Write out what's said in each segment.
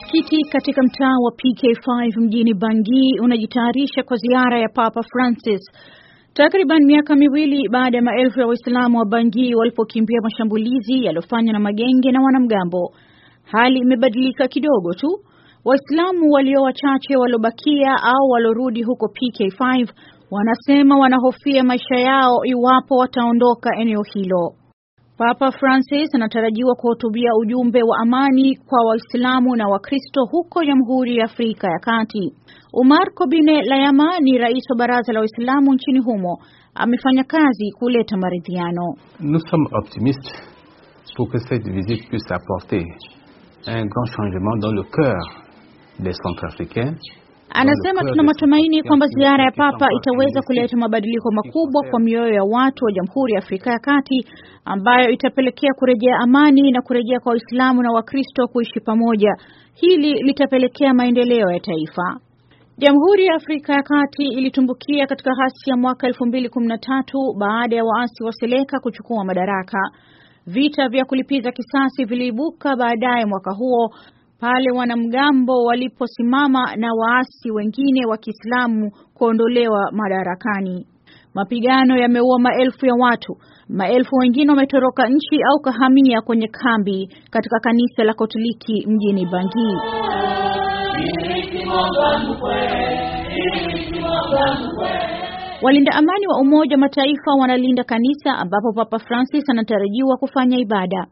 Msikiti katika mtaa wa PK5 mjini Bangui unajitayarisha kwa ziara ya Papa Francis. Takriban miaka miwili baada ya maelfu ya Waislamu wa Bangui walipokimbia mashambulizi yaliyofanywa na magenge na wanamgambo, hali imebadilika kidogo tu. Waislamu walio wachache waliobakia au waliorudi huko PK5 wanasema wanahofia maisha yao iwapo wataondoka eneo hilo. Papa Francis anatarajiwa kuhutubia ujumbe wa amani kwa Waislamu na Wakristo huko Jamhuri ya Afrika ya Kati. Umar Kobine Layama ni rais wa Baraza la Waislamu nchini humo, amefanya kazi kuleta maridhiano. Nous sommes optimistes pour que cette visite puisse apporter un grand changement dans le cœur des Centrafricains. Anasema tuna matumaini kwamba ziara ya Papa itaweza kuleta mabadiliko makubwa kwa mioyo ya watu wa Jamhuri ya Afrika ya Kati ambayo itapelekea kurejea amani na kurejea kwa Waislamu na Wakristo kuishi pamoja. Hili litapelekea maendeleo ya taifa. Jamhuri ya Afrika ya Kati ilitumbukia katika hasi ya mwaka 2013 baada ya waasi wa Seleka kuchukua madaraka. Vita vya kulipiza kisasi viliibuka baadaye mwaka huo pale wanamgambo waliposimama na waasi wengine wa Kiislamu kuondolewa madarakani. Mapigano yameua maelfu ya watu, maelfu wengine wametoroka nchi au kahamia kwenye kambi katika kanisa la Katoliki mjini Bangui. Walinda amani wa Umoja wa Mataifa wanalinda kanisa ambapo Papa Francis anatarajiwa kufanya ibada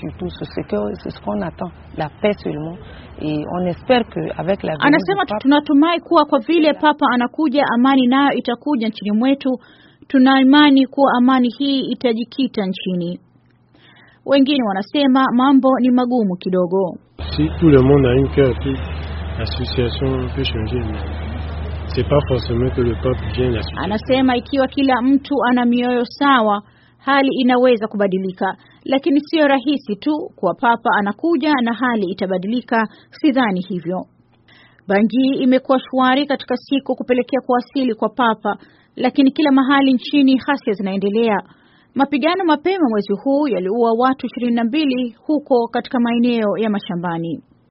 surtout sur ce que c'est ce qu'on attend, la paix seulement. Et on espère que avec la anasema papa, tunatumai kuwa kwa vile papa anakuja amani nayo itakuja nchini mwetu. Tuna imani kuwa amani hii itajikita nchini. Wengine wanasema mambo ni magumu kidogo. Si tout le monde a une cœur, l'association peut changer. mais C'est pas forcément que le peuple vienne. Anasema ikiwa kila mtu ana mioyo sawa hali inaweza kubadilika, lakini siyo rahisi tu kwa papa anakuja na hali itabadilika. Sidhani hivyo. Banjii imekuwa shwari katika siku kupelekea kuwasili kwa papa, lakini kila mahali nchini ghasia zinaendelea. Mapigano mapema mwezi huu yaliua watu 22 huko katika maeneo ya mashambani.